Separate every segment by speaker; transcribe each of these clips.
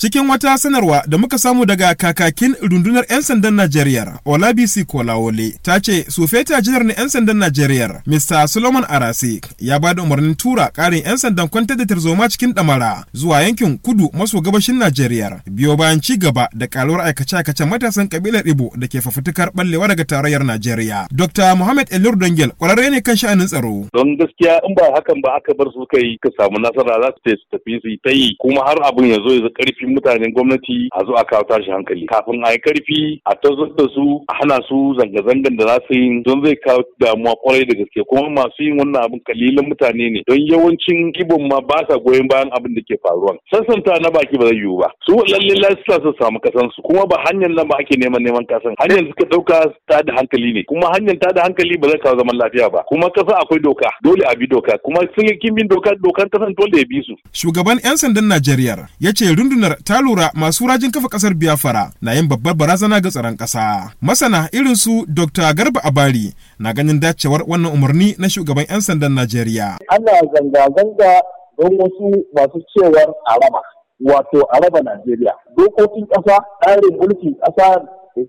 Speaker 1: Cikin wata sanarwa da muka samu daga kakakin rundunar 'yan sandan Najeriya, Olabisi Kolawole, ta ce Sufeta janar na 'yan sandan Najeriya, Mr. Solomon Arase, ya ba da umarnin tura ƙarin 'yan sandan kwantar da tarzoma cikin ɗamara zuwa yankin kudu maso gabashin Najeriya, biyo bayan ci gaba da ƙaruwar aikace-aikacen matasan kabilar Ibo da ke fafutukar ɓallewa daga tarayyar Najeriya. Dr. Muhammad Elur Dongel, kwararre ne kan sha'anin tsaro.
Speaker 2: Don gaskiya in ba hakan ba aka bar su kai ka samu nasara za su tafi su yi ta yi kuma har abin ya zo ya ƙarfi cikin mutanen gwamnati a zo a kawo tashi hankali kafin a yi karfi a tazar da su a hana su zanga-zangan da za su yi don zai kawo damuwa kwarai da gaske kuma masu yin wannan abin kalilan mutane ne don yawancin ibon ma ba sa goyon bayan abin da ke faruwa sassanta na baki ba zai yiwu ba su lalle lasisa su samu kasan su kuma ba hanyar nan ba ake neman neman kasan hanyar suka dauka ta da hankali ne kuma hanyar ta da hankali ba zai kawo zaman lafiya ba kuma kasa akwai doka dole a bi doka kuma
Speaker 1: sun yi kimbin doka
Speaker 2: dokan kasan dole ya
Speaker 1: bi su shugaban yan sandan Najeriya ya ce rundunar ta lura masu rajin kafa kasar Biafra na yin babbar barazana ga tsaron kasa. Masana irin su Dr. Garba Abari na ganin dacewar wannan umarni na shugaban 'yan sandan Najeriya.
Speaker 3: Ana zanga-zanga don wasu masu cewar araba, wato araba Najeriya. Dokokin ƙasa, tsarin mulkin ƙasa,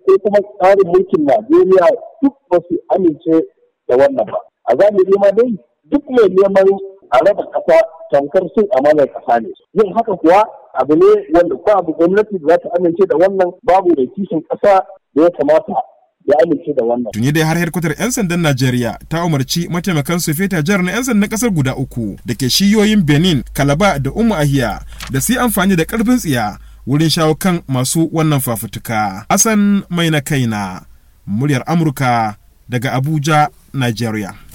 Speaker 3: ko kuma tsarin mulkin Najeriya duk ba su amince da wannan ba. A zamani ma dai duk mai neman araba ƙasa tamkar sun amanar kasa ne yin haka kuwa abu ne wanda ko abu gwamnati za ta amince da wannan babu mai kishin ƙasa da ya kamata ya amince
Speaker 1: da wannan. Tuni dai har hedkwatar 'yan sandan Najeriya ta umarci mataimakan su feta jihar na 'yan sandan kasar guda uku da ke shiyoyin Benin, Kalaba da Umu Ahiya da su yi amfani da karfin tsiya wurin shawo kan masu wannan fafutuka. Hassan mai na kaina, muryar Amurka daga Abuja, Najeriya.